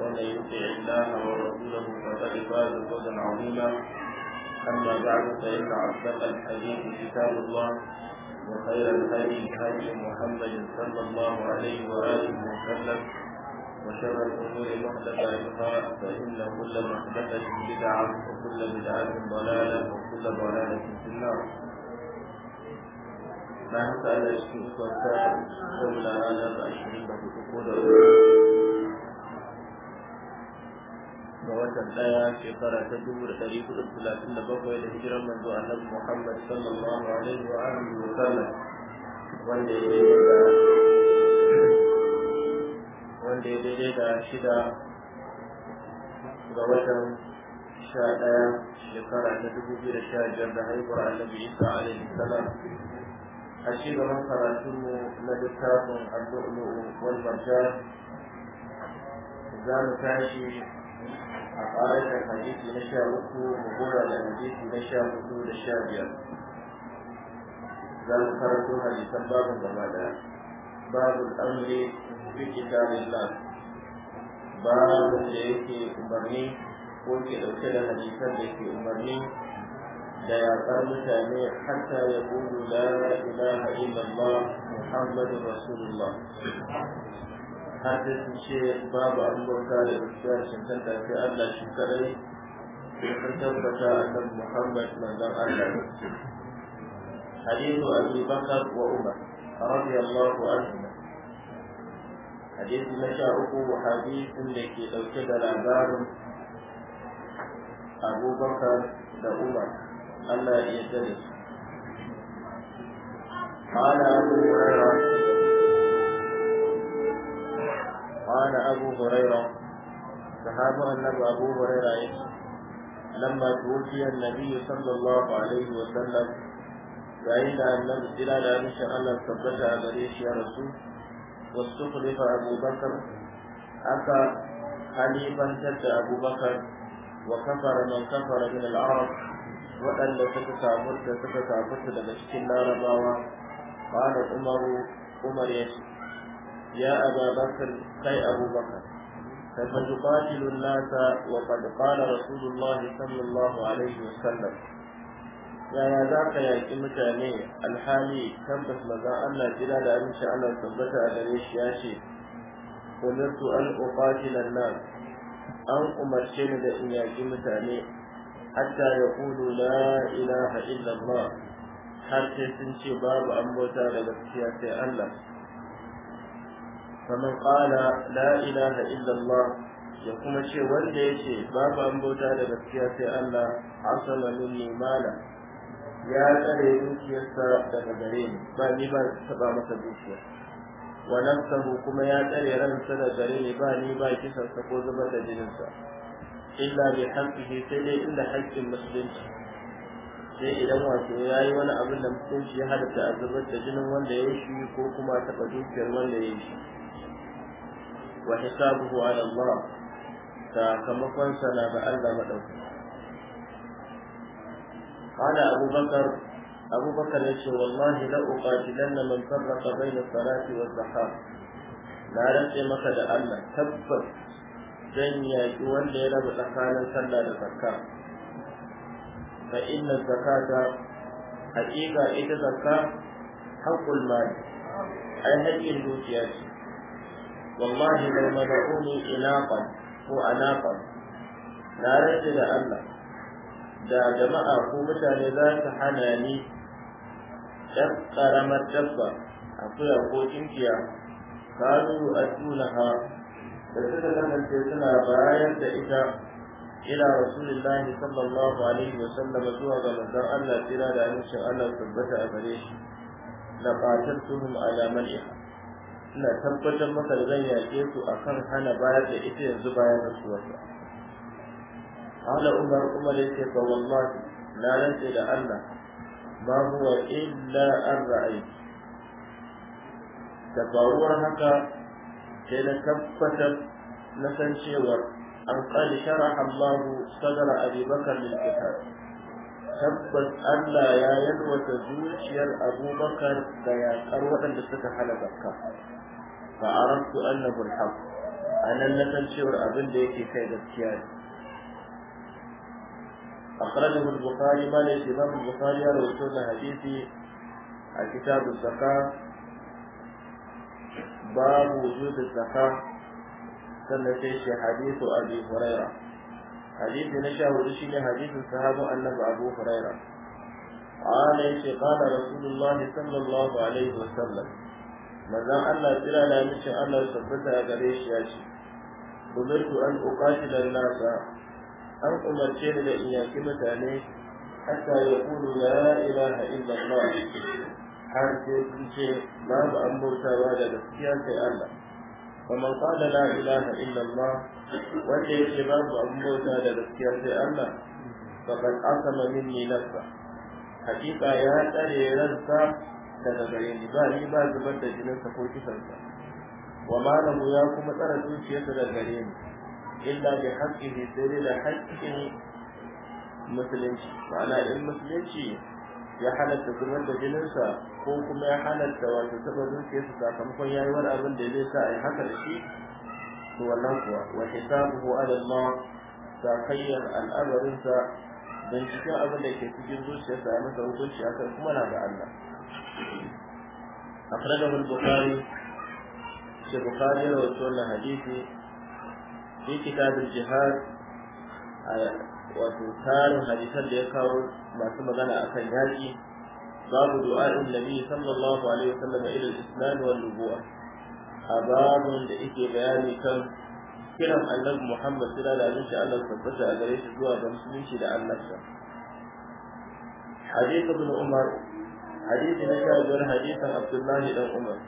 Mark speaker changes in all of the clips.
Speaker 1: ومن يطع الله ورسوله فقد فاز فوزا عظيما اما بعد فان اصدق الحديث كتاب الله وخير الهدي هدي محمد صلى الله عليه واله وسلم وشر الامور محدثاتها فان كل محدثه بدعه وكل بدعه ضلاله وكل ضلاله في النار
Speaker 2: bayan ka da
Speaker 1: shi kwanta saboda ranar ashirin da hudu ga watan daya shekara ta dubu da ɗari hudu talatin da bakwai da hijiran manzo annabi muhammad sallallahu alaihi wa alihi wa sallam wanda ya da wanda ya daidai da shida ga watan sha ɗaya shekara ta dubu biyu da sha biyar da haihuwar annabi isa alaihi salam a ci gaban karatunmu na littafin allu'lu'u wal marjan za mu tashi a ƙarashin hadisi na sha uku mu gora da hadisi na sha hudu da sha biyar za mu karanto hadisan babin gaba ɗaya babin amri fi kitabillah babin da yake umarni ko ke dauke da hadisan da ke umarni da yaƙar mutane hatta ya gudu la ilaha illallah muhammadu rasulullah har da su ce babu abin bauta da gaskiya da cancanta Allah shi kadai sai sun tabbata a kan Muhammad manzon Allah hadithu Abi Bakar wa Umar radiyallahu anhuma hadithu na sha uku wa hadisin da ke dauke da labarin Abu Bakar da Umar Allah ya yarda da su قال أبو هريرة قال أبو هريرة صحابة النبي أبو هريرة لما توفي النبي صلى الله عليه وسلم فإن النبي جلال أن شاء الله ثبت أبريش يا رسول واستخلف أبو بكر أتى خليفا سد أبو بكر وكفر من كفر من العرب وأن تتكافرت تتكافرت لمشكل لا رباوة قال عمر عمر يشكي يا أبا بكر كي أبو بكر فستقاتل الناس وقد قال رسول الله صلى الله عليه وسلم yaya za ka yaƙi mutane alhali tabbas mazan Allah jira da aminci Allah tabbata a gare shi ya ce umirtu an uqatila nan an umarce ni da in yaƙi mutane hatta yaqulu la ina illa Allah har sai sun ce babu an bauta da gaskiya sai Allah faman qala La'ilaha, illallah, ya kuma ce wanda ya ce babu an bauta da gaskiya sai Allah asala minni mala ya tsare dukiyarsa daga gare ni ba ni ba taba masa dukiya wa nafsahu kuma ya tsare ransa daga gare ni ba ni ba kisansa ko zubar da jininsa illa bi haqqihi sai dai inda haƙƙin musulunci sai idan wato ya yi wani abin da mutunci ya halatta a zubar da jinin wanda ya yi shi ko kuma taɓa dukiyar wanda ya yi shi wa hisabuhu ala Allah sakamakon sa na ga Allah madauki qala Abu Bakar Abu Bakar yace wallahi la uqatilanna man farraqa bayna salati wa zakat na rantse maka da Allah tabbas zan yaƙi wanda ya raba tsakanin sallah da zakka fa inna zakata haƙiƙa ita zakka haƙƙul mali ai haƙƙin dukiya ce wallahi lau mada'uni inaqan ko anaqan na rage da Allah da jama'a ko mutane za su hana ni ɗan ƙaramar dabba akuya ko kinkiya kanu addunaha da suka kasance suna bayar da ita ila rasulillahi sallallahu alaihi wa sallam zuwa ga manzon Allah tsira da amincin Allah tabbata a gare shi la qataltuhum ala mal'iha ina tabbatar maka da zan yaƙe su akan hana bayar da ita yanzu bayan rasuwarsa hala umar umar yake fa wallahi na rantse da Allah ma huwa illa an ra'ayi da faruwar haka sai na tabbatar na san cewar an qad sharaha Allah sadra Abi Bakar lil tabbas Allah ya yalwata zuciyar abubakar da yaƙar waɗanda suka hana zakka fa arabtu annahu alhaq anan na san cewar abin da yake kai gaskiya ne أخرجه البخاري ما الإمام البخاري رواه حديثي كتاب الزكاة باب وجود الزكاة سنتيش حديث أبي هريرة حديث نشأ ورشيل حديث الصحابة أنه أبو هريرة قال قال رسول الله صلى الله عليه وسلم manzon Allah tsira da mutum Allah tabbata a gare shi ya ce umirtu an uqatila nasa an umarce ni da in yaki mutane hatta yaqulu la ilaha illa Allah har sai sun ce babu an bautawa da gaskiya sai Allah ومن قال لا إله إلا الله وجه الإمام أبو موسى لذكر الله فقد عصم مني نفسه حقيقة يا تري رزقا daga gare ni ba ni ba zubar da jininsa ko kisansa wa malamu ya kuma tsara zuciyarsa daga gare ni illa bi haqqihi sai da haƙƙin musulunci ma'ana in musulunci ya halatta zubar da jininsa ko kuma ya halatta wato taba zuciyarsa sakamakon yi wani abin da zai sa a yi haka da shi to wannan kuwa wa hisabuhu ala Allah sakayyar al'amarinsa don cikin abin da ke cikin zuciyarsa ya masa hukunci akan kuma na ga Allah أخرجه البخاري في البخاري وسنة حديثي في كتاب الجهاد وتار حديثا ليكاو ما ثم غنى أكل باب دعاء النبي صلى الله عليه وسلم إلى الإسلام والنبوة أباب لإيكي بياني كم kiran annabi Muhammad suna da abinci Allah tabbata a gare shi zuwa ga musulunci da annabta. Hadith hadisi ya sha biyar hadisin abdullahi dan umar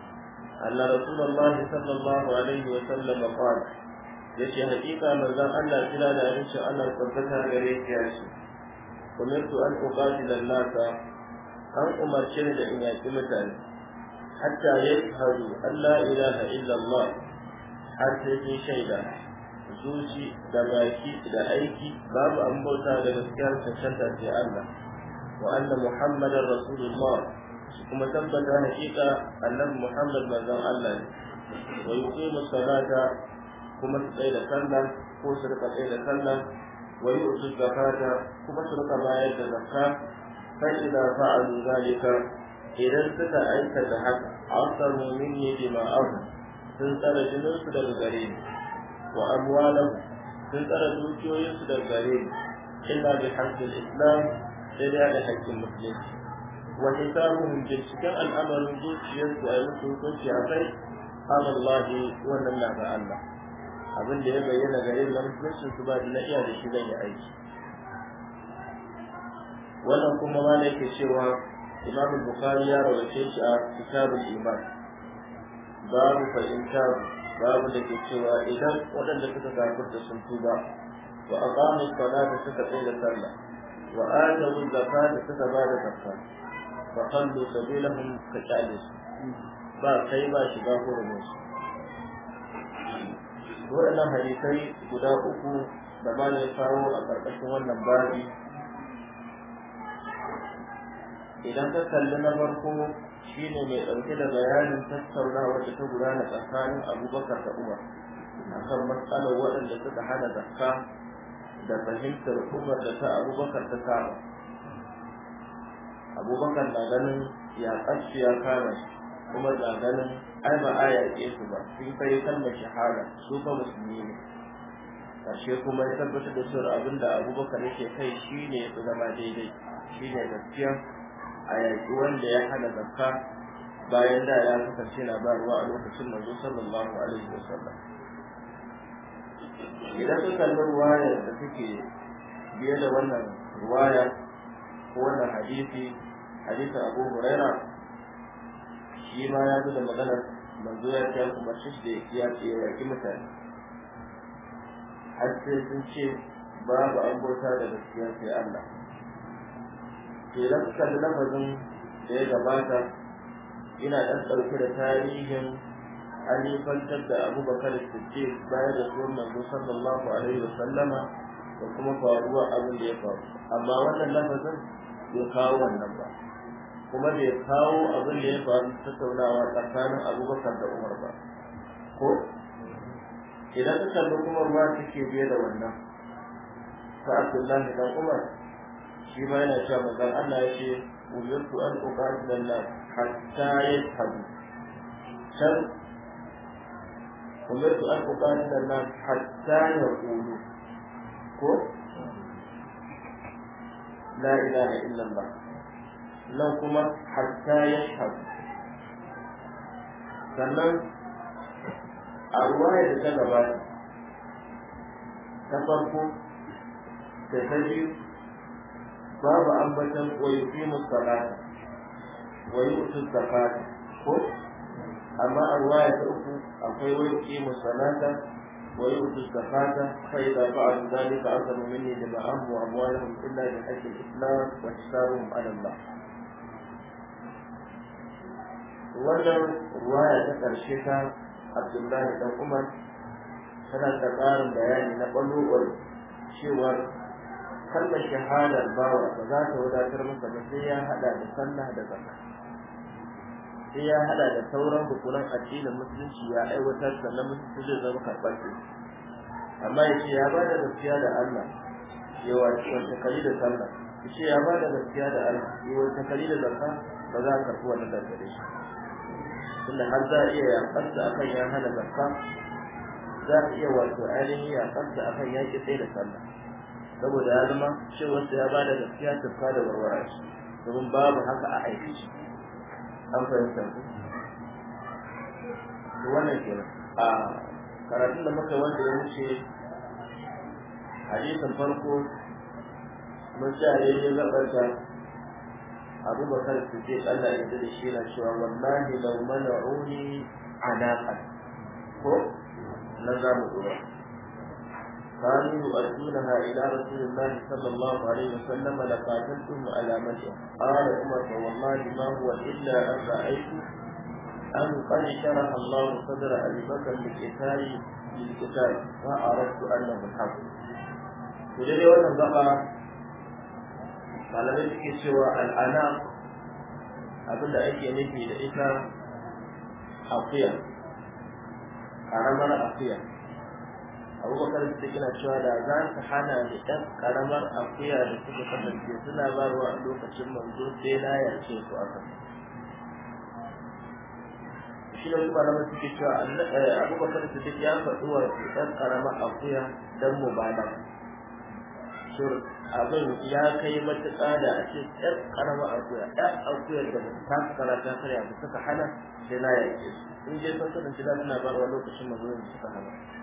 Speaker 1: anna rasulullahi sallallahu alaihi wa sallam qala yace hakika manzon Allah kira da abinci Allah tabbata gare shi ya ce umirtu an uqatila an-nasa an umarce da in yaki mutane hatta yashhadu an la ilaha illa Allah har sai sun shaida zuci da baki da aiki babu an bauta da gaskiyar cancanta Allah وأن محمدا رسول الله ثم ثبت حقيقة أن محمد من ذا الله ويقيم الصلاة كما تقيل سنة كما تقيل سنة ويؤتي الزكاة كما تقيل ما يد الزكاة فإذا فعلوا ذلك إذا استدى أنت ذهب عصروا مني دماءهم تنسل جنوس للغريب وأموالهم تنسل دوكيويس للغريب إلا بحق الإسلام sai dai da haƙƙin musulunci wa hisabuhum binciken al'amarin zuciyarsu a yi hukunci a kai amallahi wannan na ga Allah abin da ya bayyana gare na musulunci su ba da na iya da shi zan yi aiki wannan kuma ma na yake cewa imam bukhari ya rawace shi a kitabul iman babu fahimtar babu da ke cewa idan waɗanda suka da sun tuba wa aqamu salata suka tsaya sallah wa atawu zakata suka ba da zakka fa qallu sabilahum ka talis ba kai ba shiga hurumin su waɗannan hadisai guda uku da ba ya kawo a ƙarƙashin wannan babi idan ka kalli na farko shi ne mai ɗauke da bayanin tattaunawa da ta gudana tsakanin abubakar da umar akan matsalar waɗanda suka hana zakka da fahimtar umar da ta abubakar ta kama abubakar na ganin ya tsarki ya kama shi kuma na ganin ai ba a yaƙe su ba sun kai da shahara, su ba musulmi ne ƙarshe kuma ya tabbatar da cewa abin da abubakar yake kai shi ne ya fi zama daidai shi ne gaskiya a yaƙi wanda ya hana zakka bayan da ya kasance labarwa a lokacin manzo sallallahu alaihi wasallam idan sun kalli ruwayar da suke biye da wannan ruwaya ko wannan hadisi hadisi abu huraira shi ma ya zo da maganar manzo ya ce kuma shi da ya ce ya ki mutane har sai sun ce babu an bauta da gaskiya sai Allah to idan suka kalli lafazin da ya gabata ina ɗan ɗauke da tarihin an yi kwantar da abubakar siddiq bayan da tsohon manzo sallallahu alaihi wa sallama da kuma faruwa abin da ya faru amma wannan lafazin bai kawo wannan ba kuma bai kawo abin da ya faru tattaunawa tsakanin abubakar da umar ba ko idan ka kalli kuma ruwa take biye da wannan ta abdullahi dan umar shi ma yana cewa manzon Allah ya ce umirtu an uqatila an hatta yashhadu can su an uqatila an-nas hatta yaqulu ko la ilaha illa Allah nan kuma hatta yashhadu sannan a ruwaya da ta gabata ta farko da ta biyu babu ambatan wa yuqimu salata wani yu'tu zakata ko amma a ruwaya ta uku akwai wai kimu salata wa yu'tu zakata fa idza fa'alu dhalika asalu minni dima'ahum wa amwalahum illa bi haqqi da islam da hisabuhum 'ala Allah wannan ruwaya ta karshe ta Abdullahi dan Umar tana da ƙarin bayani na ɓalwar cewar kalmar shahadar bawa ba za ta wadatar masa ba sai ya haɗa da sallah da zakka sai ya hada da sauran hukunan addinin musulunci ya aiwatar da na musulunci zai zama karɓar amma ya ce ya ba da gaskiya da Allah ya wata kari da sallah ya ce ya ba da gaskiya da Allah ya wace kari da zakka ba za a karɓi wani dangane shi tunda har za a iya yaƙar da akan ya hana zakka za a iya wato ainihin yaƙar da akan ya ƙi tsaye da sallah saboda ya zama cewa ya ba da gaskiya tafka da warwara shi domin babu haka a aikace an fahimta to wannan kenan a karatun da muka wanda ya wuce hadisin farko mun sa ya yi zaɓarta abu bakar su je Allah ya da shi na cewa wallahi lau mana'uni anaqan ko na zamu dora كانوا يؤدونها إلى رسول الله صلى الله عليه وسلم لقاتلتم على مدين قال عمر والله ما هو إلا أن رأيت أن قد شرح الله صدر أبي بكر للقتال للقتال وأردت أنه الحق ولدي wannan gaba malamai suke cewa al'ana abinda ake nufi da ita akuya karamar akuya abubakar da yana cewa da za su hana ni ɗan ƙaramar akuya da suka kasance suna barwa a lokacin manzo sai na yarce su a kan shi da su malamai suke cewa eh, abubakar da duk ya faɗi wa ɗan ƙaramar akuya don mu ba mubarak abin ya kai matuƙa da a ce ɗan ƙaramar akuya ɗan akuyar da ba ta kara ta karya ba suka hana sai na yarce su in je sun kasance da suna wa lokacin manzo da suka hana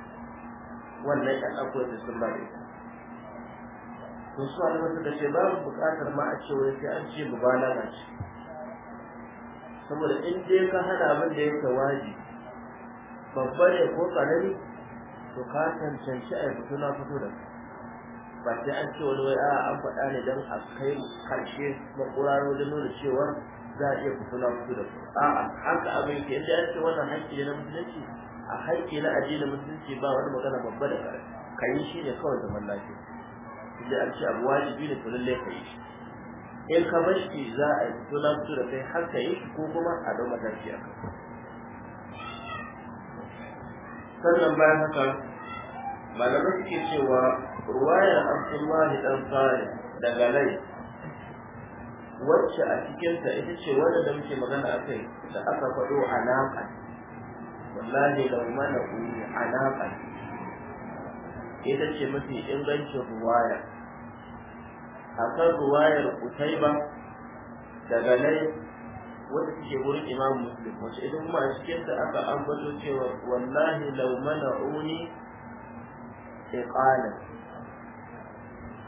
Speaker 1: wannan ɗan akwai da sun ba to su a lokacin da ce babu buƙatar ma a ce wai sai an ce mubalaga ce saboda in dai ka hana abin da yake waji babba ne ko ƙarami to ka cancanci a fito na fito da ba sai an ce wani wai a an faɗa ne don a kai karshe makuraro da nuna cewa za a iya fito na fito da a'a haka abin ke inda ya ce wannan haƙƙi ne na a haƙƙi na addinin musulunci ba wani magana babba da karami ka yi shi ne kawai zaman lafiya da an ce abu wajibi ne to lallai ka yi in ka bar shi za a yi sunan su da kai har ka yi ko kuma a dau mataki a sannan bayan haka malamai suke cewa ruwayar abdullahi dan fari daga lai wacce a cikinta ita ce wadda da muke magana a kai da aka faɗo alaƙa wallahi lau mana uli alaƙa ita ce mafi ingancin ruwaya kan ruwayar kutaiba daga nai wanda take wurin imam muslim wacce ita kuma a cikin ta aka ambato cewa wallahi lau mana uli iqala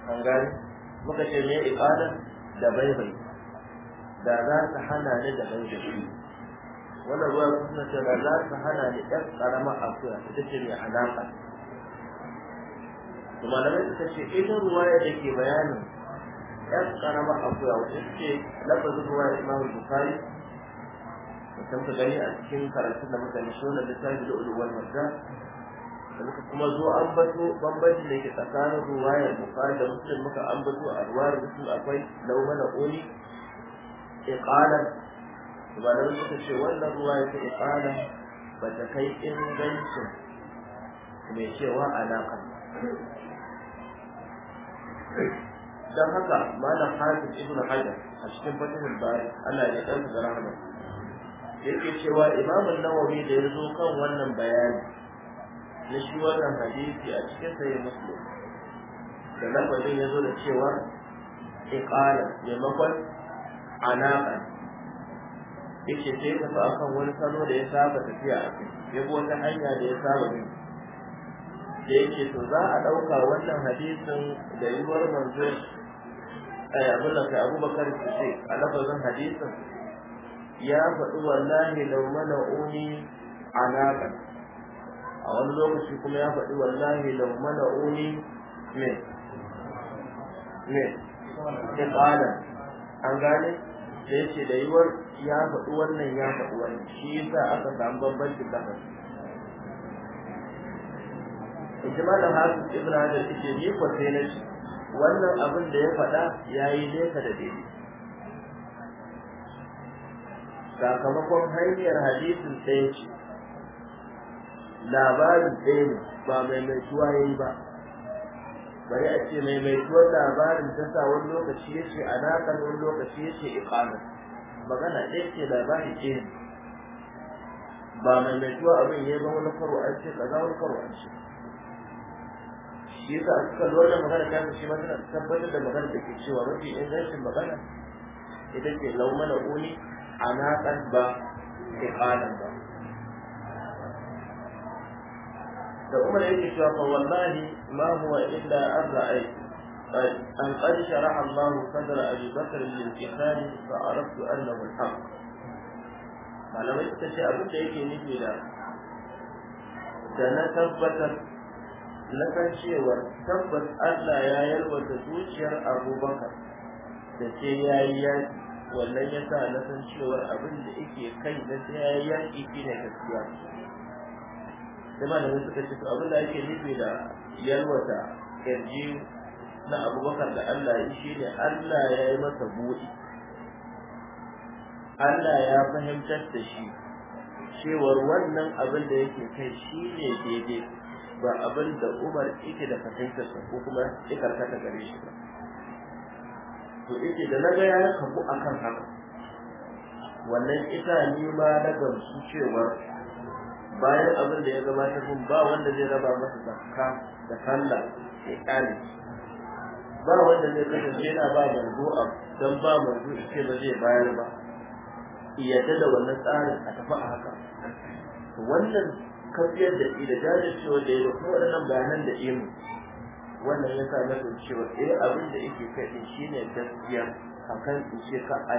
Speaker 1: an gane muka ce me iqala da baibai da za ta hana ni da baibai Wannan ruwan suna cewa za su hana ni ɗan ƙaramar akuya ita ce mai alaƙa Kuma malamai suka ce ita ruwa da ke bayanin ɗan ƙaramar akuya wata ce lafazin ruwaya imamu bukari mutum ka gani a cikin karatun da muka nishi wannan littafi da uluwar madda da kuma zo ambato bambanci da ke tsakanin ruwayar bukari da muslim muka ambato a ruwayar muslim akwai laumana oli iqalan malamai suka ce wannan ruwa ya fi iqala ba ta kai ingancin mai cewa alaka dan haka malam hafiz ibn hajar a cikin fatihul bari ana da dan da rahama yake cewa imam an-nawawi da ya zo kan wannan bayani na shi wannan hadisi a cikin sahih muslim da lafazin ya zo da cewa iqala maimakon alaqa yake sai ka fa akan wani salo da ya saba tafiya a kai ya bi wata hanya da ya saba bi da yake to za a ɗauka wannan hadisin da yiwuwar manzo a eh, abin da kai abubakar su ce a lafazin hadisin ya faɗi wallahi lau mana uni alaƙa a wani lokaci kuma ya faɗi wallahi lau mana uni me me ya ƙala an gane da yake da yiwuwar ya faɗi wannan ya faɗi wannan shi yasa aka samu bambancin lafa ijmal da hafiz ibn hajar yace ni ko sai na ce, wannan abin da ya faɗa yayi nesa da daidai sakamakon hanyar hadisin sai ce labarin ɗaya ne ba maimaituwa ya yi ba bari a ce maimaituwar labarin ta sa wani lokaci ya ce alaƙar wani lokaci ya ce iƙanar magana ɗaya ce labari ce ba mai maimaituwa abin ya zama na faru an ce kaza wani faru an ce shi yasa aka kalli wannan magana ta fi shi ma tana tabbatar da magana da ke cewa mafi ingancin magana ita ce lau mana uni a naƙan ba ƙanan ba
Speaker 2: da umar yake cewa fa wallahi ma huwa illa an
Speaker 1: أن قد شرح الله صدر أبي بكر للقتال فعرفت أنه الحق malamai suka ce abin da yake nufi da da na tabbatar na san cewa tabbas Allah ya yalwata zuciyar abubakar da ce ya yi yaƙi wannan ya sa na san cewa abin da yake kai na sai ya yi yaƙi shi gaskiya sai malamai suka ce abin da yake nufi da yalwata kirji na abubakar da Allah ya shi ne Allah ya yi masa buɗi Allah ya fahimtar da shi cewar wannan abin da yake kai shi ne daidai ba abin da Umar yake da sa ko kuma ya ta gare shi ba to yake da na ga ya kabu akan haka wannan ita ni ma na gamsu cewar bayan abin da ya gabatar mun ba wanda zai raba masa zakka da sallah sai ba wanda zai kasance yana ba manzo abu dan ba manzo ce ba zai bayar ba yadda da wannan tsarin a tafi a haka wannan kafiyar da da cewa da ya da kuma waɗannan bayanan da imu wannan ya sa masa cewa eh abin da yake kai shi ne gaskiya akan in ce ka a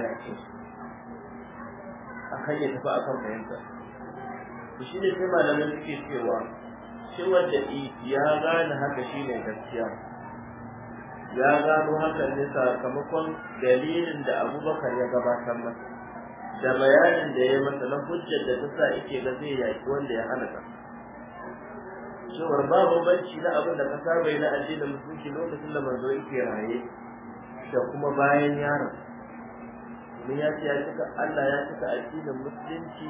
Speaker 1: akan ya tafi akan fahimta to ne sai malamin suke cewa shi wanda ya gane haka shi ne gaskiya ya gano haka ne sakamakon dalilin da abubakar ya gabatar masa da bayanin da ya masa na hujjar da ta sa yake da zai yaki wanda ya hana ka cewar babu banci na abin da ka saba na addinin musulunci lokacin da manzo yake raye da kuma bayan yaro domin ya ce ya cika Allah ya cika addinin musulunci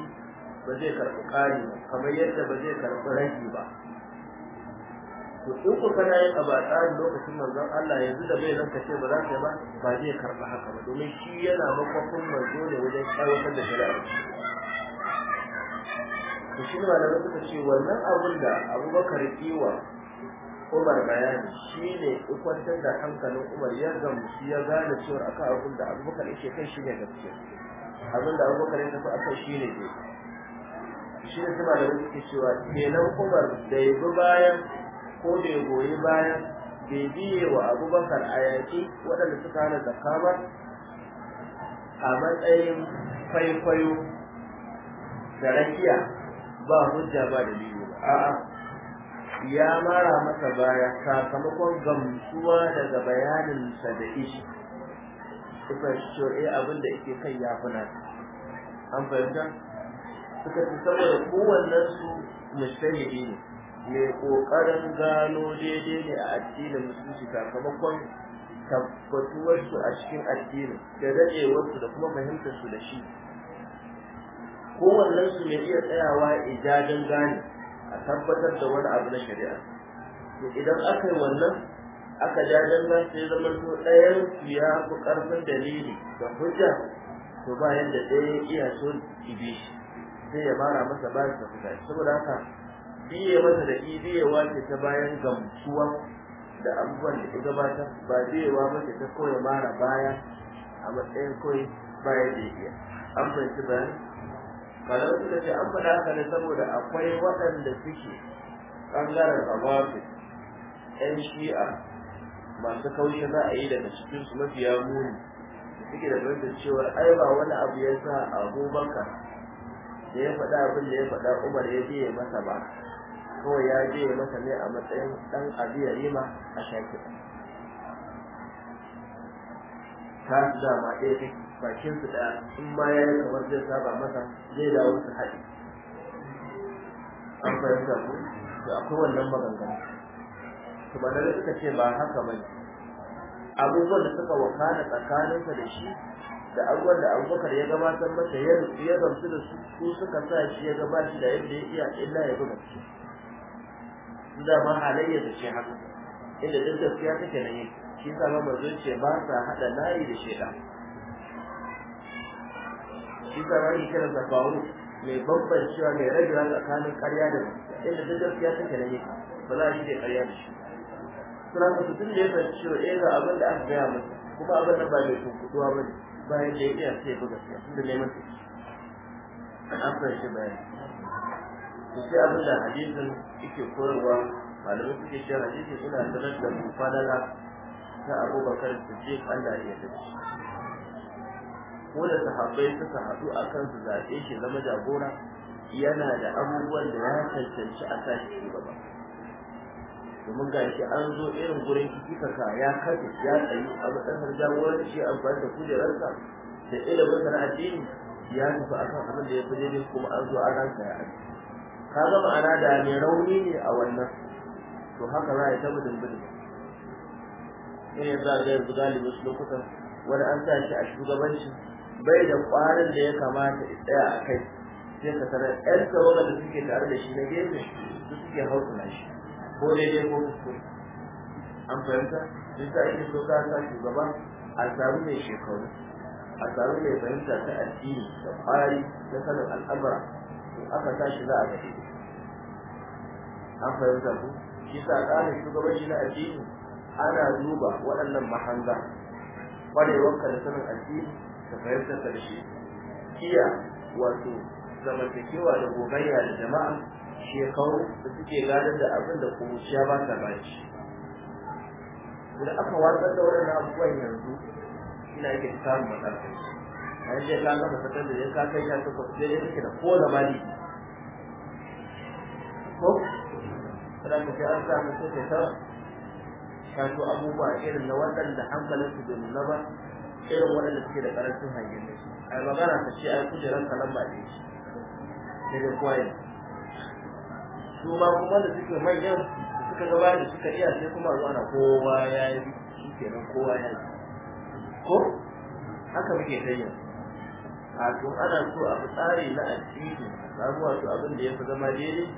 Speaker 1: ba zai karɓi ƙari ba kamar yadda ba zai karɓi rage ba to in ku kana yin abu a tsarin lokacin manzon Allah yanzu da bai ranka ce ba za ka ba ba zai karɓi haka ba domin shi yana makwafin manzo ne wajen aiwatar da shari'a to shi ma da suka ce wannan abun da Abubakar kiwa Umar bayani shi ne kwantar da hankalin Umar ya gamsu ya gane cewa akan abun da Abubakar yake kai shi ne gaskiya abin da Abubakar ya tafi akan shi ne shi ne su malamai suke cewa kenan Umar da ya bi bayan ko da goyi bayan bai biye wa abubakar a yaƙi waɗanda suka hana zakka ba a matsayin kwaikwayo da rakiya ba hujja ba da biyu a'a ya mara masa baya sakamakon gamsuwa daga bayanin sa da ishi suka shi eh, abin da yake kai ya fi an fahimta suka fi saboda kowannen su mushtahidi ne mai kokarin gano daidai ne a addinin musulunci sakamakon tabbatuwarsu a cikin addinin da daɗewarsu da kuma fahimtarsu da shi su mai iya tsayawa ijadin gane a tabbatar da wani abu na shari'a to idan aka yi wannan aka jajen gane sai zama to ɗayan su ya fi ƙarfin dalili da hujja to ba yadda ɗaya iya so ibe shi sai ya mara masa ba su fita saboda haka biye masa da i zai ta bayan gamsuwa da abubuwan da ya gabatar ba zai wa mace ta kawai mara baya a matsayin kawai baya da iya an fahimci bayan kalau da ce an faɗa haka ne saboda akwai waɗanda suke ɓangaren awafi yan shi'a masu kaushe za a yi daga cikin su mafiya muni da suke da fahimtar cewa ai ba wani abu ya sa abubakar da ya faɗa abin da ya faɗa umar ya biye masa ba kawai ya je ya masa ne a matsayin dan abiya rima a shafi ta su dama ɗaya ta bakin su ɗaya in ma ya yi kamar zai saba masa zai dawo su haɗi an fahimta ku da akwai wannan maganganu kuma na suka ce ba haka ba ne abubuwan da suka wakana tsakaninsa da shi da abubuwan da abubakar ya gabatar masa ya su da su suka sa shi ya gabatar da yadda ya iya illa ya buga shi da ma halayya da ce haka inda duk gaskiya take nan yi, shi yasa ma manzo ce ba sa hada layi da sheda shi yasa ma yake kira bawo mai bambancewa mai ran tsakanin ƙarya da inda duk gaskiya take nan yi, ba za a yi da ƙarya da shi suna ka tun da ya san cewa eh ga abin da aka gaya masa kuma abin da ba mai kunkutuwa ba ne bayan da ya iya sai ya buga gaskiya tun da neman su an fahimci bayani sai abin da hadisin yake koyarwa malamai suke shi hadisin ina sanar da mu fadala ta abubakar siddiq Allah ya yarda ko da sahabbai suka hadu a kan su zaɓe shi zama jagora yana da abubuwan da ya cancanci a sa shi gaba domin ga shi an zo irin gurin kika ya kafe ya tsayi a matsayin jagoranci amfani da kujerarsa da ilimin addini ya nufi akan abin da ya fi daidai kuma an zo an ga ya aji kaga ma'ana da mai rauni ne a wannan to haka za a yi ta gudun gudun ya za a zai yanzu da wasu lokutan wani an sa shi a shugabanci bai da ƙwarin da ya kamata ya tsaya a kai sai ka tara yan tawagar da suke tare da shi na gefe su suke hautuna shi ko daidai ko kuskure an fahimta duk da ake so ka sa shugaba a samu mai shekaru a samu mai fahimta ta addini da ƙwari na sanin al'amura in aka tashi za a gaji an fahimta ku shi sa tsarin shugabanci na addini ana duba waɗannan mahanga ƙwarewarka da sanin addini da fahimtar da shi Kiya, wato zamantakewa da gogayya da jama'a shekaru da suke gadar da abin da kuruciya ba ta baci idan aka watsar da waɗannan abubuwan yanzu ina yake samun matsalai a yadda ka gama fitar da ya ka kai ya ta kwafi da ya da ko da mali ko sannan sai an samu sai ta shato abubuwa irin na waɗanda hankalinsu bai nuna ba irin waɗanda suke da ƙarancin hangen da a yi magana ta ce ai kujeran ka lamba ne shi sai dai kowa su ma kuma da suke manyan suka gaba da suka iya sai kuma zuwa na kowa ya yi shi kenan kowa ya yi ko haka muke ta yin a ana so a tsari na addini a samu abin da ya fi zama daidai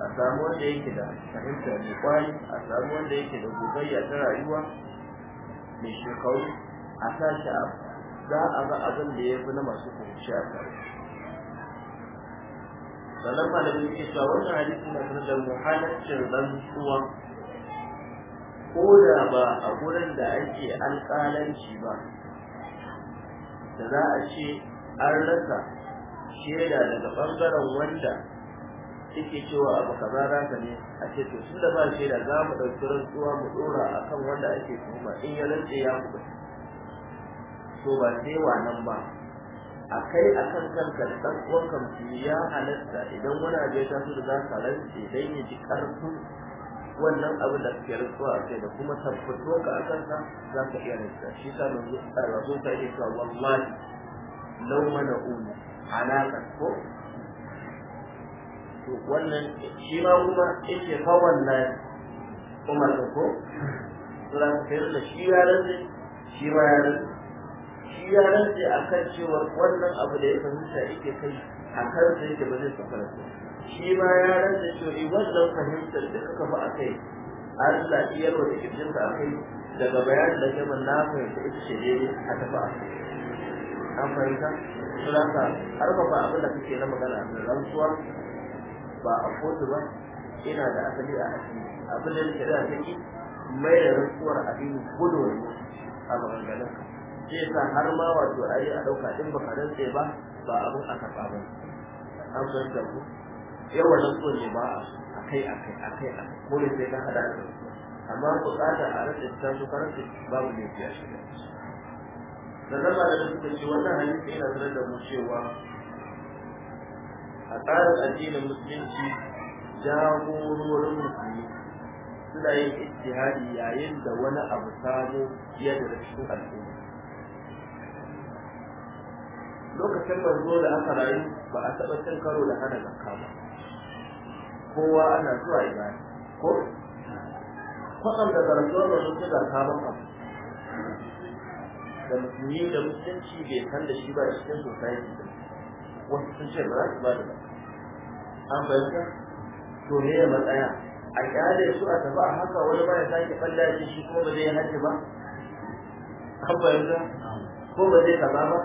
Speaker 1: a samu wanda yake da fahimta mai kwari a samu wanda yake da gogayya ta rayuwa mai shekaru a sa shi a za a ga abin da ya fi na masu kunciya a sannan malamin ke cewa wannan hadisi na da muhalaccin rantsuwa ko da ba a gurin da ake alƙalanci ba da za a ce an rasa shaida daga ɓangaren wanda suke cewa abu kaza naka ne a ce to da ba da za mu ɗauki rantsuwa mu ɗora akan wanda ake tuhuma in ya rantse ya kuɓa to ba sai nan ba a kai a kan kanka da ɗan uwan kamfani ya halatta idan wani abu ya taso da za ka rantse dan ya ji ƙarfin wannan abin da kake rantsuwa a kai da kuma tabbato ka a kanka za ka iya rantsa shi ka manzo a rasu ka iya cewa wallahi lau mana umu ko to wannan shi ma kuma yake fa wannan kuma da ko to da kai da shi ya rantsi shi ma ya rantsi shi ya rantsi akan cewa wannan abu da ya fahimta yake kai a kan kansa yake ba zai safara shi ma ya rantsi cewa eh, wannan fahimtar duka kafa a kai Allah iyar wa kirjinsa a kai daga bayanin da kai na fahimta ita ce dai a tafi a kai an fahimta? Sulaka, harfafa abin da kake na magana a rantsuwa ba a kotu ba Ina da asali a addini abin da shari'a ta ki mai da rantsuwar addini gudun a maganganun sai sa har ma wato a yi a ɗauka ɗin ba karen sai ba ba abin a karɓa ba an da ku yawan so ne ba a kai a kai a kai a ko da sai ka hada da amma ku tsada a rantsa ta su karanta babu ne biya shi da zama da suka ce wannan hadisi yana da mu cewa a tsarin addinin musulunci jagororin musulmi suna yin ijtihadi yayin da wani abu samu fiye da cikin al'umma lokacin manzo da aka rayu ba a taɓa cin karo da hana zakka ba kowa ana zuwa ibada ko kwatsam da zarasuwar manzo ta zakka ba ba da musulmi da musulunci bai san da shi ba cikin society wasu sun ce ba za su ba da an fahimta to me ya matsaya a kyale su a tafi a haka wani ba ya sake falla shi shi kuma ba zai hajji ba an fahimta ko ba zai kaza ba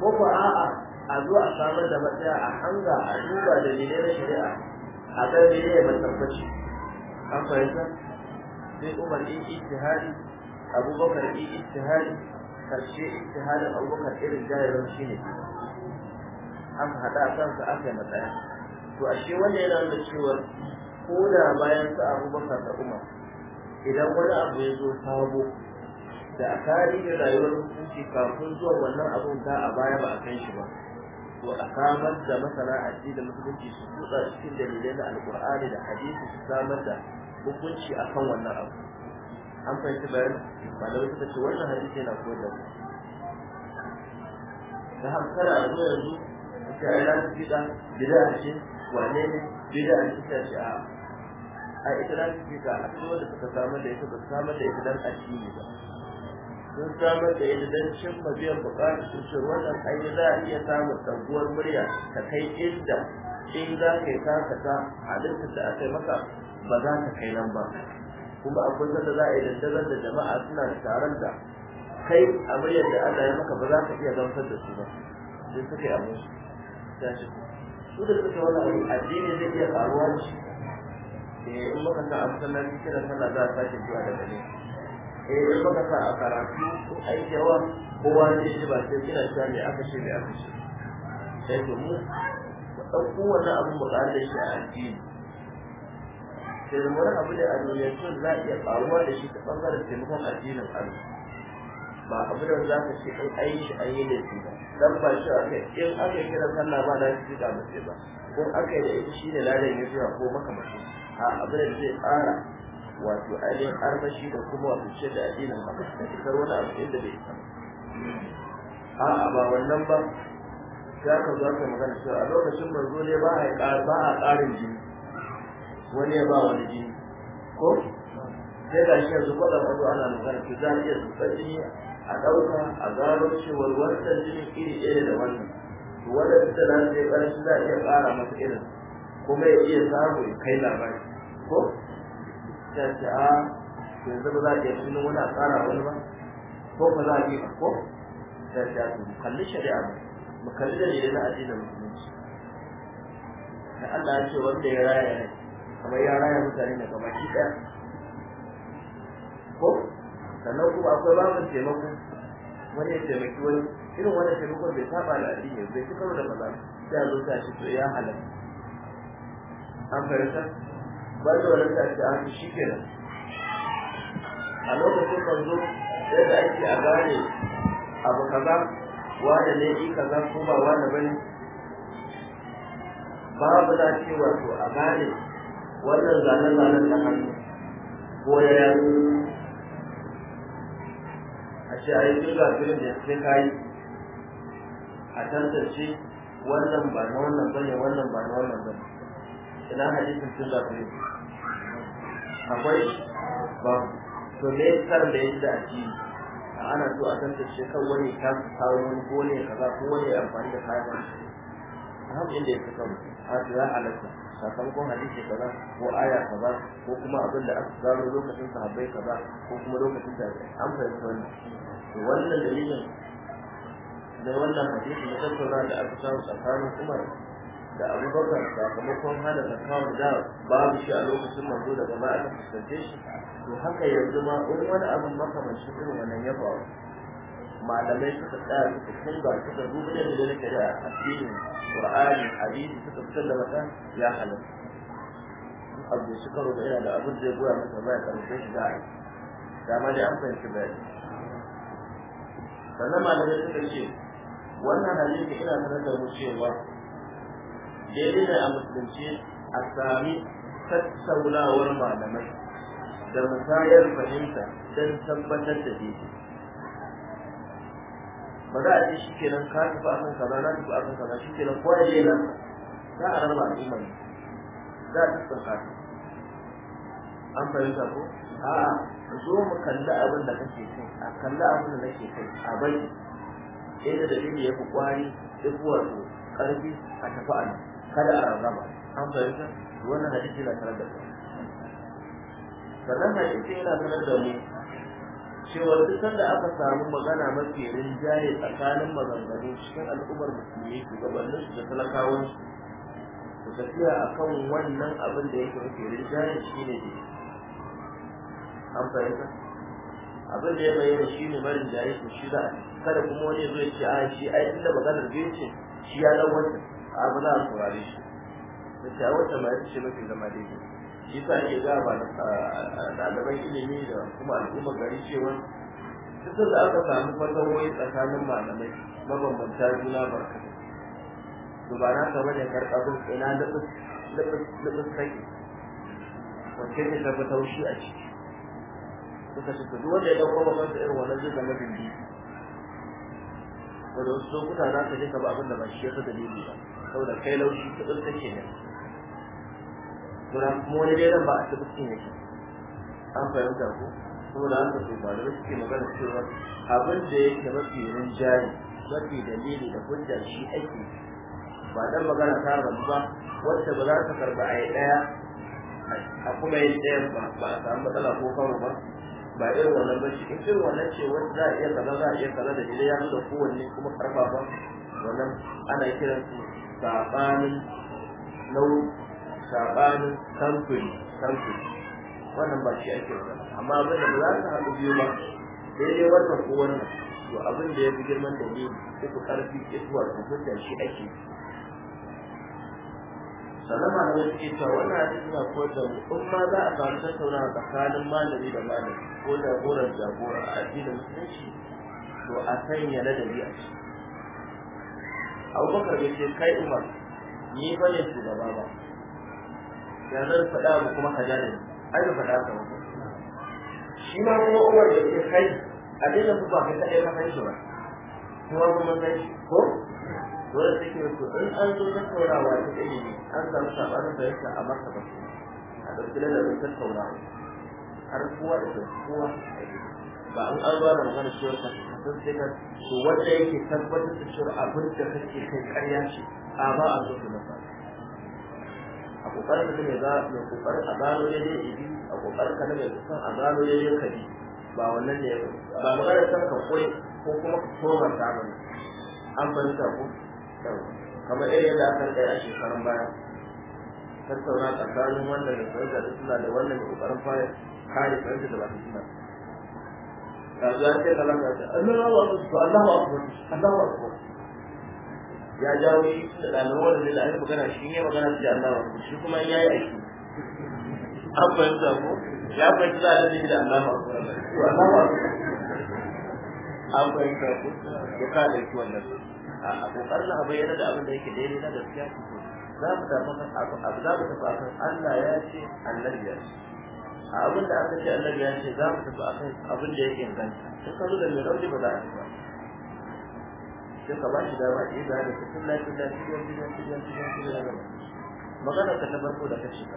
Speaker 1: ko ko a'a a zo a samar da matsaya a hanga a duba da ne na shari'a a ga ne ya matabbaci an fahimta sai umar in ijtihadi abubakar in ijtihadi karshe ijtihadin abubakar irin jayarin shi ne An haɗa kansa aka yi matsaya to ashe wanda yana da cewa ko da bayan sa baka da umar idan wani abu ya zo sabo da a tarihin rayuwar hukunci kafin zuwa wannan abun ta a baya ba a kan shi ba to a samar da masana da musulunci su kutsa cikin dalilai na alkur'ani da hadisi su samar da hukunci akan wannan abu an fahimci bayan malamai suka ce wannan hadisi yana koyar da mu da hankala a zo yanzu ta yi da gida a ce. wane ne bida a cikin shi a a ita da su ga abubuwa da suka samar da ita ba samar da ita dan addini ba sun samar da ita dan cin biyan bukatar sun ce wannan ai za a iya samun sabuwar murya ta kai inda in za ka yi taka ta halittar da aka yi maka ba za ta kai nan ba kuma akwai sanda za a yi dandazar da jama'a suna da taron da kai a muryar da Allah ya maka ba za ka iya gamsar da su ba sai suka yi abin kuma. su da suka wani abu addini zai iya da shi eh in muka sa a masallaci kiran sallah za a sake zuwa daga ne eh in muka sa a karatu ko aiki yawa kowa zai shi ba sai kira shi ne aka ce ne aka ce sai to mu ba ɗauko wannan abu ba ƙara da shi a addini sai zama wani abu da a duniyar za a iya faruwa da shi ta ɓangaren taimakon addinin Allah ba abu da za ka ce ɗan aiki a yi da shi ba dan ba shi aka in aka kira sallah ba da shi da ba ba ko aka yi da ita shi ne ladan ya fiya ko makamashi a abin da zai ƙara wato ainihin armashi da kuma wato ce da addinin ba da fitar wani abu inda bai isa a ba wannan ba za ka zo ka magana cewa a lokacin manzo ne ba a ba a ƙarin jini wani ya ba wani jini ko sai da shi yanzu kwaɗa kwaɗo ana magana to za a iya zubar jini a ɗauka a gano cewar wannan jin iri ɗaya da wannan wannan da na je ƙarshen za a iya ƙara masa irin kuma ya iya samu ya kai labari ko ta ce a yanzu ba za a iya sunan wani a ƙara wani ba ko ba za a yi ba ko ta ce a su kalli shari'a ba mu kalli da ne na addinin musulunci da Allah ya ce wanda ya raya ne kamar ya raya mutane ne kamar shi ɗaya ko sannan kuma akwai babin taimako wani ya taimaki wani irin wani taimakon bai saba da addini bai ci karo da maza sai a zo ta to ya halatta an fahimta ba da wani ta ce an ah, shi kenan a lokacin kan zo, yadda ake a gane abu kaza wanda ne yi kaza ko ba wanda bane babu da cewa wato a gane wannan zanen zanen da hannu ko ya yi. ce a yi duka firin da sai ka yi a tantance wannan ba na wannan bane wannan ba na wannan bane ina hadisin duka firin akwai ba to ne tsar da yadda a ji ana so a tantance kan wani ta kawo wani ko ne kaza ko wani amfani da kayan har inda ya fi kan har za a lafiya sakamakon hadisi kaza ko aya kaza ko kuma abin da aka gano lokacin sahabbai kaza ko kuma lokacin da an fahimta wannan wannan dalilin da wannan hadisi na tattauna da aka samu tsakanin umar da abubakar sakamakon hana zakawar da babu shi a lokacin manzo daga baya aka fuskance shi to haka yanzu ma in wani abin makamancin irin wannan ya faru malamai suka tsaya suka kunga suka duba da da nake da addinin qur'ani hadisi suka fitar da mata ya halatta abu su karo da yana da abin da ya goya masa baya karfe shi da ai dama dai an fahimci bayani sannan malamai suka ce wannan hadisi ina sanar da mu cewa daidai da a musulunci a sami tattaunawar malamai da musayar fahimta don tabbatar da daidai ba za a ce shi kenan ka tafi a kan kaza na tafi a kan kaza shi kenan kowa ya nan za a raba al'umma ne za a tattaka ta an fahimta ko a'a zo mu kalli abin da kake so a kalli abin da nake kai a bai da dalili ya fi kwari duk wato karfi a tafi a kada a rarraba an fahimta wannan hadisi na tare da ku sannan hadisi yana tare da mu cewa duk sanda aka samu magana mafi rinjaye tsakanin maganganu cikin al'ummar musulmi shugabannin su da talakawan su tafiya a kan wannan abin da yake mafi rinjaye shine ne an fahimta abin da ya bayyana shi ne barin jayi to shi za kada kuma wani zai ce a shi yi, inda maganar bai ce shi ya dan wata abu za a saurare shi Da shi a wata ma ce mafi zama daidai shi sa ake ga ba ɗaliban ilimi da kuma al'ummar gari cewa duk da aka samu fatawoyi tsakanin malamai mabambanta juna barkatai to ba na ka bane karkabin ina lubus lubus lubus sai wacce ne ta fatawoshi a ciki suka ce duk wanda ya dauko ba kansa irin wannan zai zama bindi wanda wasu lokuta za ka je ka ba abin da ba shi yasa dalili ba saboda kai laushi kudin take ne kuma kuma wani dai ba a asibitin yake an fahimta ko saboda an tafi ba da suke magana cewa abin da yake mafi jari mafi dalili da hujja shi ake ba dan magana ta rabu ba wacce ba za ta karba a yi daya a kuma yin ɗayan ba ba a samu matsala ko karo ba ba irin wannan ba shi in irin wannan ce wani za a iya kaza za a iya kaza da idan ya nuna kowanne kuma ba wannan ana kiran su sabanin nau sabanin kamfani kamfani wannan ba shi ake ba amma abin da za ka haɗu biyu ba daidai wannan ko wannan to abin da ya fi girman da ni uku ƙarfi isuwa to hujja shi ake sannan ne suke cewa wannan hadisi na koyar da mu in ma za a samu tattaunawa tsakanin malami da malami ko jagorar jagora a addinin musulunci to a sanya ladabi a ciki abubakar bai ce kai umar ni ba ne shugaba ba yanzu faɗa mu kuma ka jani ai da faɗa ka ba shi ma kuma umar bai ce kai a daina ku ba kai kaɗai ka kai shi ba kuma kuma san ko dole take so in an zo tattaunawa ta ilimi an samu sabanin fahimta a martaba a ɗauki lalata tattaunawa har kowa da kowa ba an an zuwa da magana cewar ka sun sai ka to wanda yake tabbatar da cewar abin da kake kai ƙarya ce a ba a zo da masa a kokarin da ne za mai kokarin a gano daidai ibi a kokarin ka na mai kusan a gano daidai ka bi ba wannan ne ba magana san ka koyi ko kuma ka koma ta bane an ta ko kamar irin da aka tsaye a shekarun baya tattauna tsakanin wannan da fahimta da suna da wannan da kokarin fara kare fahimta da ba su suna kasuwa sai ka lamba su allah wa su allah wa su ya jawo yi da ɗaliban wanda da ake magana shi ne magana allah wa su shi kuma ya yi aiki an fahimta ko ya zuwa za a da su allah wa su an fahimta ko ya kada ki wannan a kokarin na bayyana da abin da yake daidai na gaskiya za mu tafi abu za mu tafi akan Allah ya ce annabi ya ce a abin da aka ce annabi ya ce za mu tafi akan abin da yake inganta duk kalu da mai rauni ba za a ci ba sai ka ba shi dama ke da da cikin lafiya da cikin lafiya cikin lafiya cikin lafiya magana ka ta farko da kace ka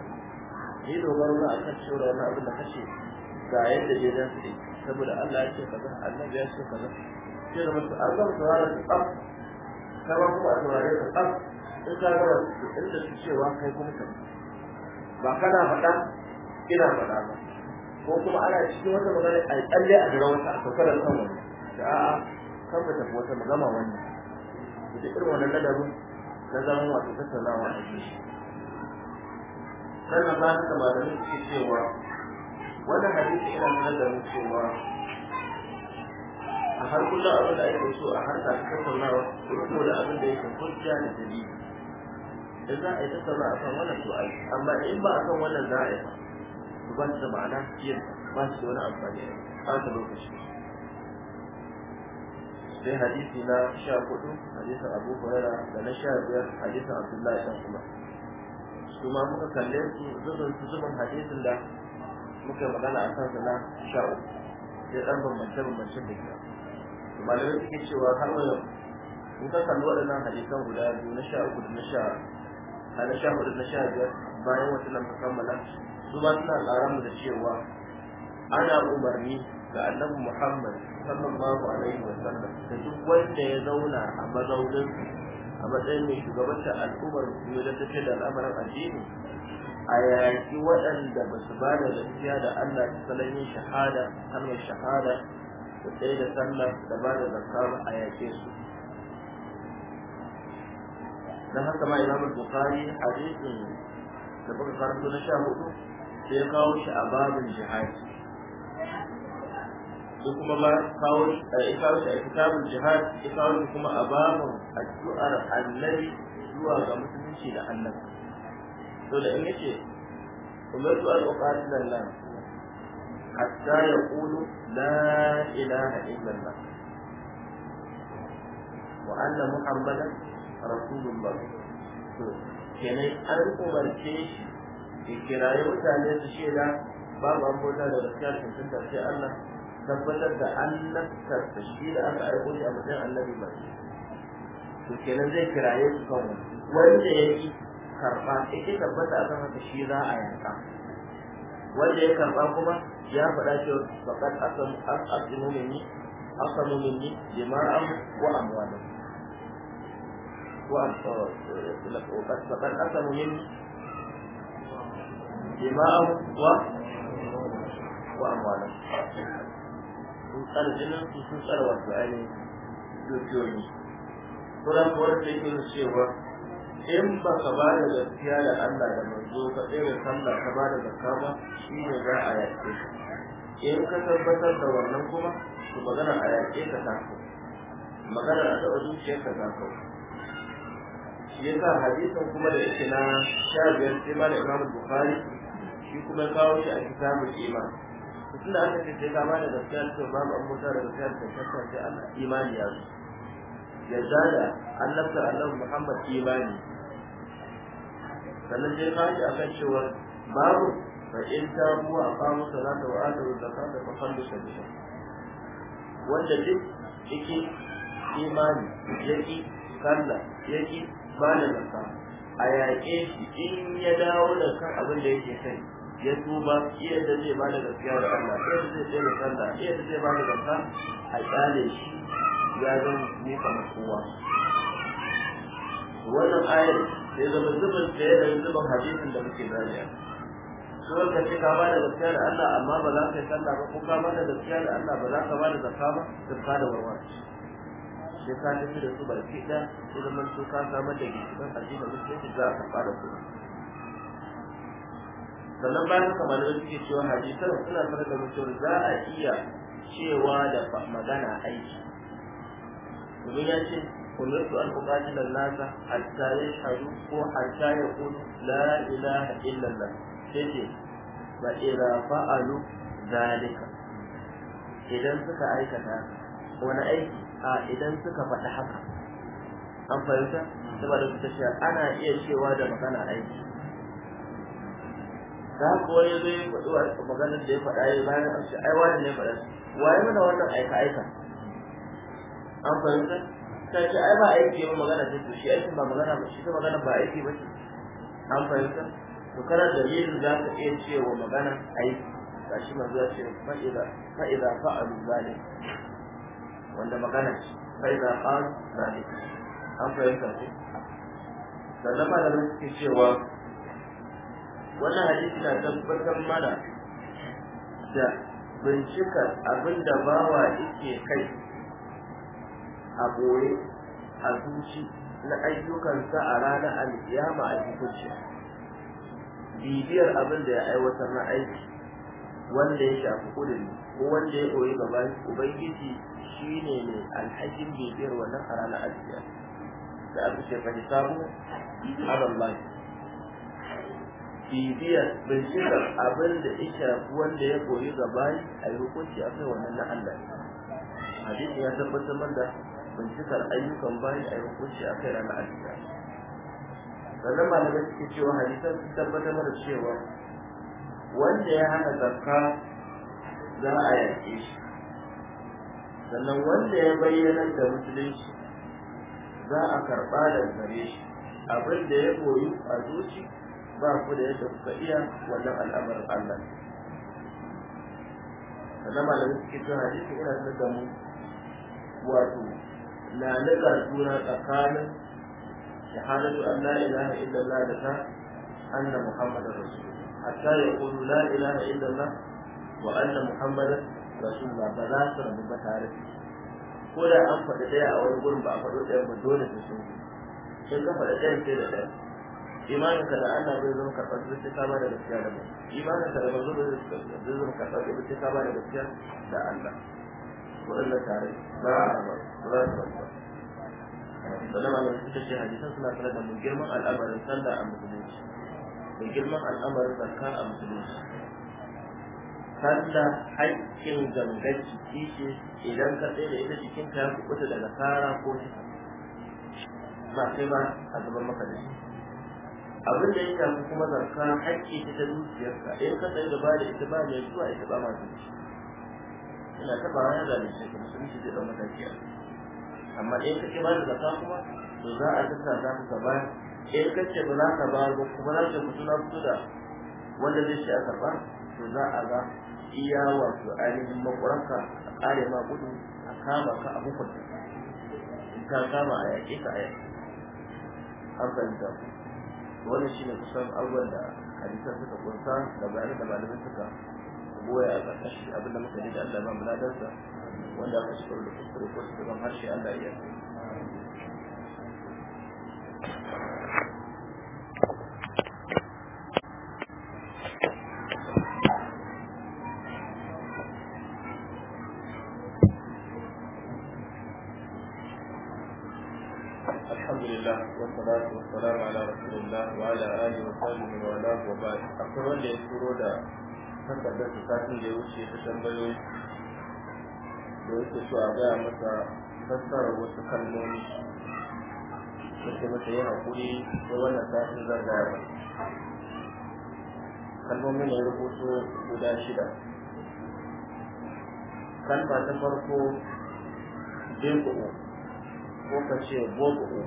Speaker 1: ni dogaro na akan cewa wani abin da kace ga yadda dai zan saboda Allah ya ce kaza Allah ya ce kaza sai da mutum an gama sauraron tsaf ka ba ku a turare ka tsaf in ka gama inda su cewa kai kuma ka ba kana faɗa ina faɗa ba ko kuma ana cikin wata magana a tsalle a jira wata a saukar da kan wani da a'a kan ka tafi wata magana wannan ita irin wannan ladabin na zama wato tattaunawa a cikin sannan ba ta da malamin suke cewa wannan hadisi ina sanar da mu cewa a har kullum abin da ake so a harka ta tattaunawa ko da abin da yake hujja da dalili da za a yi tattauna a kan wannan to ai amma in ba a kan wannan za a yi ba ba su da ma'ana yin ba su da wani amfani a ta lokaci sai hadisi na sha hudu hadisin abu huraira da na sha biyar hadisin abdullahi dan kuma su ma muka kalle su zubin su zubin hadisin da muka magana a kansa na sha uku sai dan bambance bambancen da ke malamin suke cewa har wajen in ka kalli waɗannan hadisan guda biyu na sha uku da na sha a na sha hudu na sha biyar bayan wata nan ka kammala su ba suna ƙara mu da cewa ana umarni ga annabi muhammad sallallahu alaihi wa sallam da duk wanda ya zauna a mazaunin a matsayin mai shugabanta al'ummar ne da tafiya da al'amarin addini a yaƙi waɗanda ba su ba da gaskiya da Allah ta salon yin shahada kalmar shahada da tsaye da sallah da ba da zakka ba a yake su dan haka ma imam bukhari hadisin da baka karanto na sha hudu sai ya kawo shi a babin jihadi su kuma ba eh, kawo shi a kitabun jihar ya kawo shi kuma a babin addu'ar annabi zuwa ga musulunci da annabi to da in yace umirtu al-uqatil lillah hatta ya kulu la ilaha illallah wa anna muhammadan rasulullah to kenan an umarce shi ya kirayi mutane su shaida babu an bauta da gaskiya cancanta tafi Allah tabbatar da annabtar da shi da aka aiko shi a matsayin annabi ba to kenan zai kiraye su kan wanda ya yi karɓa ya tabbata akan haka shi za a yanka wanda ya karɓa kuma ya faɗa cewa faqad asam asimu minni asamu minni jima'am wa amwalam wa oh, eh, faqad asamu minni wa wa amwalam sun tsara jinin su sun tsara wasu ainihin dukiyoyi. cewa in ba ka ba da gaskiya da Allah da manzo ka tsere sallah ka ba da zakka ba shi ne za a yaƙe ka in ka tabbatar da wannan kuma to magana a yaƙe ka ta ku magana a taɓa zuciyar ka ta ko shi sa hadisin kuma da yake na sha biyar sai ma da Imam bukari shi kuma kawo shi a kitabul iman tunda aka ce sai ka ba da gaskiya to babu an mutar da gaskiya da tabbata sai Allah imani ya zo yadda da annabta Allah Muhammad imani sannan dai kaji a kan cewa babu fa in ta buwa a kamu salata wa atu zakata fa sallu sabila wanda duk yake imani yaki sallah yaki ba da zakka a yaƙe shi in ya dawo da kan abin da yake kai ya tuba iya da zai ba da gaskiya da Allah iya da zai tsere sallah iya da zai ba da zakka a kyale shi ya zama ne kamar kowa wannan ayar sai zama zubin tsaye da zubin hadisin da muke zariya so ka ce ka bada da gaskiya da Allah amma ba za ka yi sallah ba ko ka ba da gaskiya da Allah ba za ka ba da zakka ba ka da warwara sai ka tafi da su baki da su zama su ka samar da da muke musulunci za a kafa da su sannan bayan haka da suke cewa hadisan suna sanar da mutum za a iya cewa da magana aiki domin ya ce أمرت أن أقاتل الناس ko يشهدوا وحتى يقولوا لا إله إلا الله شيء فإذا فعلوا ذلك إذا سكا أيكتا وأنا أيكي آه إذا سكا فتحكا an fahimta saboda su ana iya cewa da magana aiki ta kuwa ya zo ya faɗi maganar da ya faɗa ya bayan an ce ai wani ne faɗa waye mana wannan aika aika an fahimta ta ce ai ba aiki ba magana ta shi aiki ba magana ba shi ta magana ba aiki ba ce an fahimta to kana dalilin za ka iya cewa magana aiki ga shi manzo ya ce fa'iza fa'iza fa'alu zalim wanda magana ce fa'iza qalu zalim an fahimta ko sannan da suke cewa wannan hadisi na tabbatar mana da bincika abin da bawa yake kai a boye a zuci na ayyukansa a ranar alkiyama a hukunci bibiyar abin da ya aiwatar na aiki wanda ya shafi kudin ko wanda ya koyi gaba ubangiji shi ne mai alhakin bibiyar wannan a ranar alkiyama da aka ce fa hisabu alallahi bibiyar bincikar abin da ya shafi wanda ya koyi gaba a yi hukunci a kai wannan na allah hadisi ya tabbatar da bincikar ayyukan bayi a hukunci a kai ranar alisa sannan malamai suke cewa hadisan su tabbatar mara cewa wanda ya hana zakka za a yaƙe shi sannan wanda ya bayyana da musulunci za a karɓa da gare shi abin da ya koyi a zuci ba ku da yadda kuka iya wannan al'amarin Allah sannan malamai suke cewa hadisin ina sanar da mu wato na nika juna tsakanin shahadatu an la ilaha illallah da ta anna muhammadar rasul hatta ya qulu la ilaha illallah wa anna muhammadar rasulullah ba za su rabu ba tare ko da an faɗi ɗaya a wani gurin ba a faɗo ɗaya ba dole su sun sun ka faɗi ɗayan sai da ɗaya imanin ka da Allah zai zama karɓar zai sai kama da gaskiya da mu imanin ka da manzo zai zama karɓar zai sai kama da gaskiya da Allah
Speaker 2: waɗanda tare ba a ba za
Speaker 1: su ba sallama da suka ce hadisan suna kula da mu girman al'amarin sanda a musulunci da girman al'amarin zakka a musulunci sallah haƙƙin gangar jiki ce idan ka tsaye da ita jikinka ya kuɓuta daga kara ko cika ba sai ba a zuban maka da shi abin da ya shafi kuma zarka haƙƙi ta ta zuciyarka in ka tsaye da ba da ita ba mai zuwa ita ba ma zuciya suna tabawa ya zalunce ka musulunci zai ɗau mataki a amma ɗaya kake ba da zaka kuma to za a tattara za ku ka ba ɗaya kake ba za ka ba ba kuma za ka fito na fito da wanda zai shi a karɓa to za a ga iya wato ainihin makwaranka a ƙare ma gudu a kama ka a hukunta in ka kama a yaƙe ka a yaƙe an fahimta wannan shine kusan abubuwan da hadisan suka kunsa da bayanan da malamai suka goya a ƙarƙashin abin da muka da Allah ba mu ladarsa wanda aka shi da kuskure ko su ban harshe Allah ya والصلاة والسلام على رسول الله وعلى آله وصحبه وعلى وبعد أقول لي سورة takardar su satin da ya wuce ta tambayoyi da yake so a gaya masa fassara wasu kalmomi yake masa yi haƙuri da wannan satin zan gaya ba kalmomin da rubutu guda shida kalma ta farko beku'u ko ka ce boku'u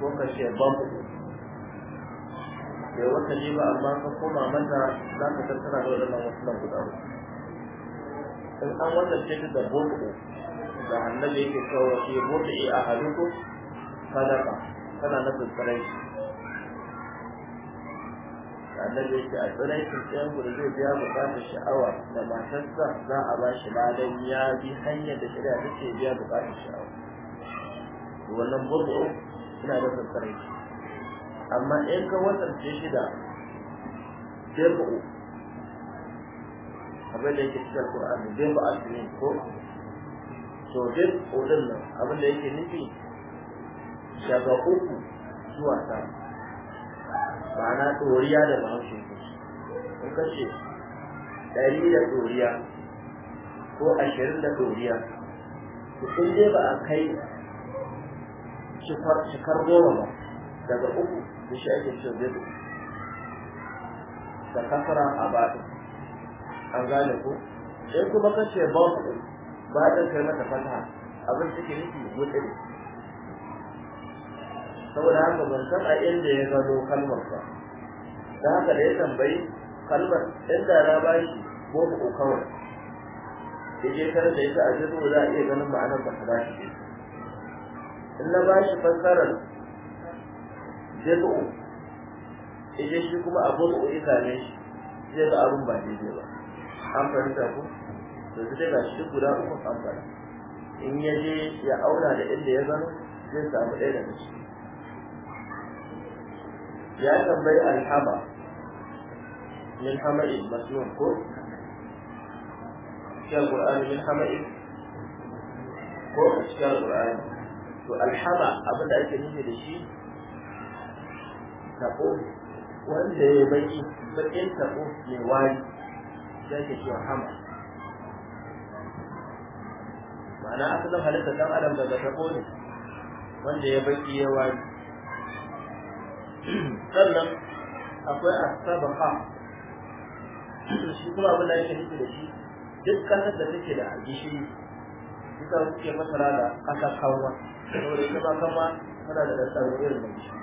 Speaker 1: ko ka ce baku'u bai wata ne ba amma ka koma mata za ka tattara da waɗannan wasu nan guda uku. in an wannan ce da bodu da hannun da yake cewa shi bodu eh, a haluku sadaka tana na tsirai annabi yake a tsirai tsirai guda zai biya bukatar sha'awa da matarsa za a ba shi ladan ya bi hanyar da shari'a take biya bukatar sha'awa wannan bodu suna da tsirai amma in ka wasance shi da jam'u abin da yake cikin zai ba a cikin ko to jam'u din nan abin da yake nufi daga uku zuwa ta ma'ana ɗoriya da bahaushe ko in ka ce ɗari da ɗoriya ko ashirin da ɗoriya, to sun je ba a kai cikar goma ba daga uku da shi ake cewa da kafara a baɗin an gane ku? sai kuma kace ba baɗin kai mata fataha abin suke nufi wuce ne saboda haka ban san a inda ya gado kalmar ba da haka da ya tambayi kalmar inda na bashi ko ko kawai da je kar da ita a jirgo za a iya ganin ma'anar ba ta ba in na bashi fassarar ya ije shi kuma abun uku same shi zai ga abun ba daidai ba an fahimta ko yanzu dai ga shi guda uku an fara in ya je ya aura da inda ya gano zai samu ɗaya daga ciki ya tambayi alhama min hama'in masnun ko cikin alƙur'ani min hama'in ko cikin alƙur'ani to alhama abin da ake nufi da shi tabo wanda ya baki bakin tabo mai wari ya ke cewa hama ma'ana asalin halitta dan adam daga tabo ne wanda ya baki ya wari sannan akwai asabaka shi kuma abin da yake nufi da shi duk kasar da take da gishiri duka kuke masara da kasar kanwa saboda ita ma kanwa tana da ɗan tsaro irin mai shi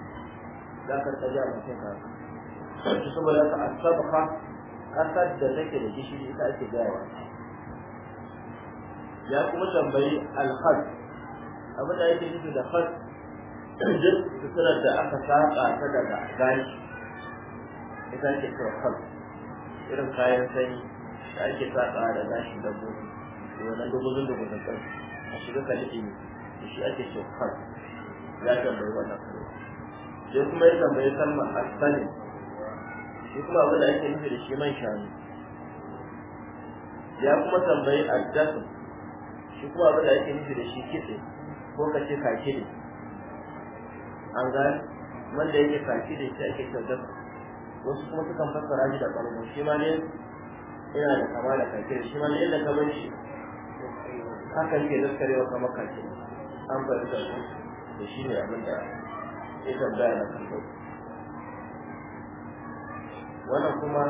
Speaker 1: za ka rika jiya mutum ka su saboda ka asabka kasar da take da gishiri ita ake gayawa ya kuma tambayi alhaz abin da yake nufi da haz duk suturar da aka saka ta daga gashi ita ake cewa haz irin kayan sani da ake saka da gashin dabbobi da wannan dubuzun dubuzun kan a shiga kalifi ne shi ake cewa haz ya tambayi wannan ya kuma ya tambaye a sani shi kuma abu da ake nufi da shi man shanu ya kuma tambayi jasu shi kuma abu da ake nufi da shi kitse ko ka ce kaki ne an gani wanda yake kaki da shi ake kyautar wasu kuma sukan fassara shi da ɓargo shi ma ne yana da kama da kaki da shi ma ne inda ka bar shi hakan ke daskarewa kamar kaki an fahimta da shi ne abin da ya tambaya na kuma wannan kuma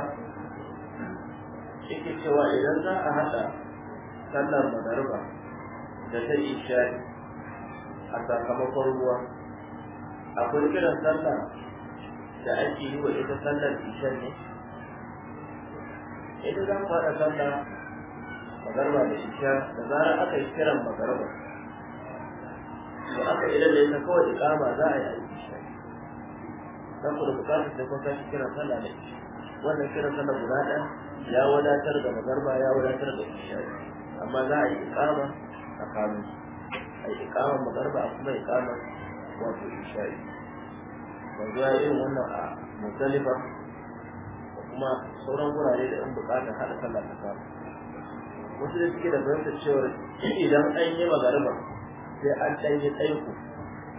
Speaker 1: yake cewa idan za a haɗa sallar magarba da ta ishari a sakamakon ruwa akwai kiran sallah da ake yi wa ita sallar ishari ne idan za ku haɗa sallah magarba da ishari da zarar aka yi kiran magarba to aka idan da ita kawai ikama za a yi dan ku da bukatar da kun san kiran sallah ne wannan kiran sallah guda ɗaya ya wadatar da magarba ya wadatar da isha amma za a yi ikama a kanu a yi ikama magarba a kuma ikama wato isha yanzu ya yi wannan a musalifa da kuma sauran gurare da 'yan bukatar haɗa sallah ta kama wasu da suke da fahimtar cewar idan an yi magarba sai an ɗanye tsaiko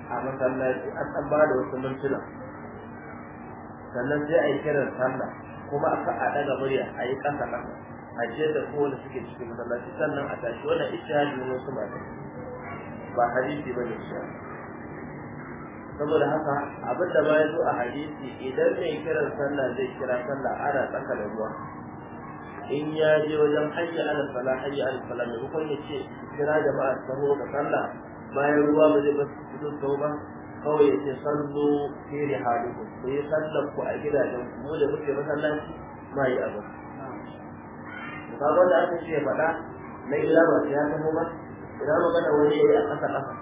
Speaker 1: a masallaci an ɗan ba da wasu mintuna sannan sai a yi kiran sallah kuma aka a daga murya a yi ƙasa ƙasa a jiyar da kowane suke cikin masallaci sannan a tashi wannan ishihadi ne wasu mata ba hadisi ba ne shi saboda haka abin da ba ya zo a hadisi idan mai kiran sallah zai kira sallah ana tsaka da ruwa in ya je wajen hajji ala sala hajji ala sala maimakon ya ce kira jama'a taho ga sallah bayan ruwa ba zai ba su fito ba kawai ya ce sallo fi rihalikum ku yi sallar ku a gidajen ku mu da muke masallaci ma yi abu ka ga wanda aka ce faɗa na illa ba ya tafi ba idan magana wani ya a ƙasa ƙasa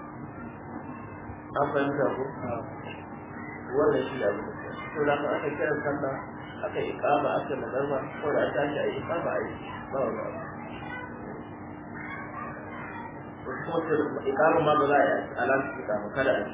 Speaker 1: an fahimta ko wannan shi da abu to da aka aka kiran sallah aka yi iqama aka nazarwa ko da aka yi a iqama a yi ba ba ko iqama ma ba za a yi alamu kada a yi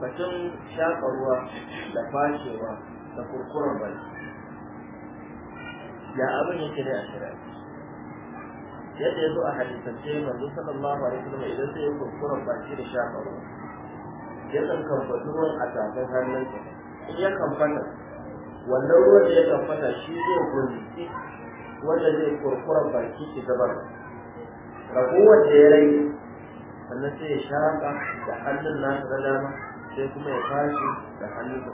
Speaker 1: batun shafa ruwa da fashewa da kurkuren baki ya abin yake dai a yadda ya zo a hadisance manzo sallallahu alaihi wasallam idan zai yi kurkuren baki da shafa ruwa ya kan kamfata ruwan a tafin hannunsa in ya kamfata wannan ruwan da ya fata shi zai gulki wanda zai kurkuren baki ki gabar ragowar da ya rage sannan sai ya shaƙa da hannun nasa da dama sai kuma ya tashi da hannun sa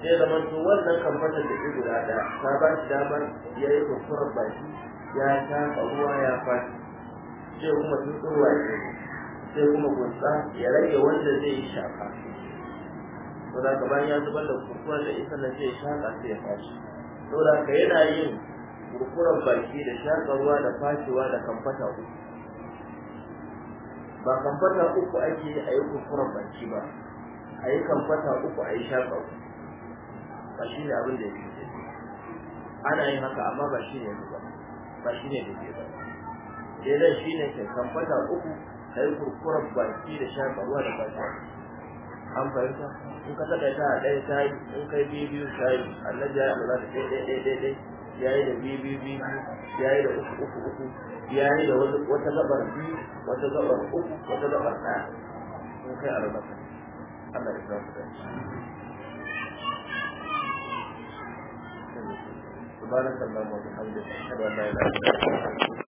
Speaker 1: sai da manto wannan kamfanin da ke guda ɗaya ta ba shi damar ya yi kurkurar baki ya shaƙa ruwa ya fashi sai kuma tutsurwa ya sai kuma gunsa ya rage wanda zai yi shafa. saboda ka bayan ya zubar da kurkurar da isa na zai shaƙa sai ya fashi saboda ka yana yin kurkurar baki da shaƙa ruwa da fashewa da kamfata uku ba kamfata uku ake a yi kurkurar baki ba a yi kamfata uku a yi shafa uku ba shi ne abin da ya fi ana yin haka amma ba shi ne ba ba shi ne da ke ba zai shi ne ke kamfata uku ka yi kurkurar baki da shafa ruwa da baki an fahimta in ka saka ta a ɗaya ta yi in kai biyu biyu ta yi annabi ya yi abu za ta ɗaya ɗaya ɗaya ɗaya ya yi da biyu biyu biyu ya yi da uku uku uku ya yi da wata gabar biyu wata gabar uku wata gabar ɗaya in kai arba'in Allah ya zafi da shi. Subhanallahi wa bihamdihi,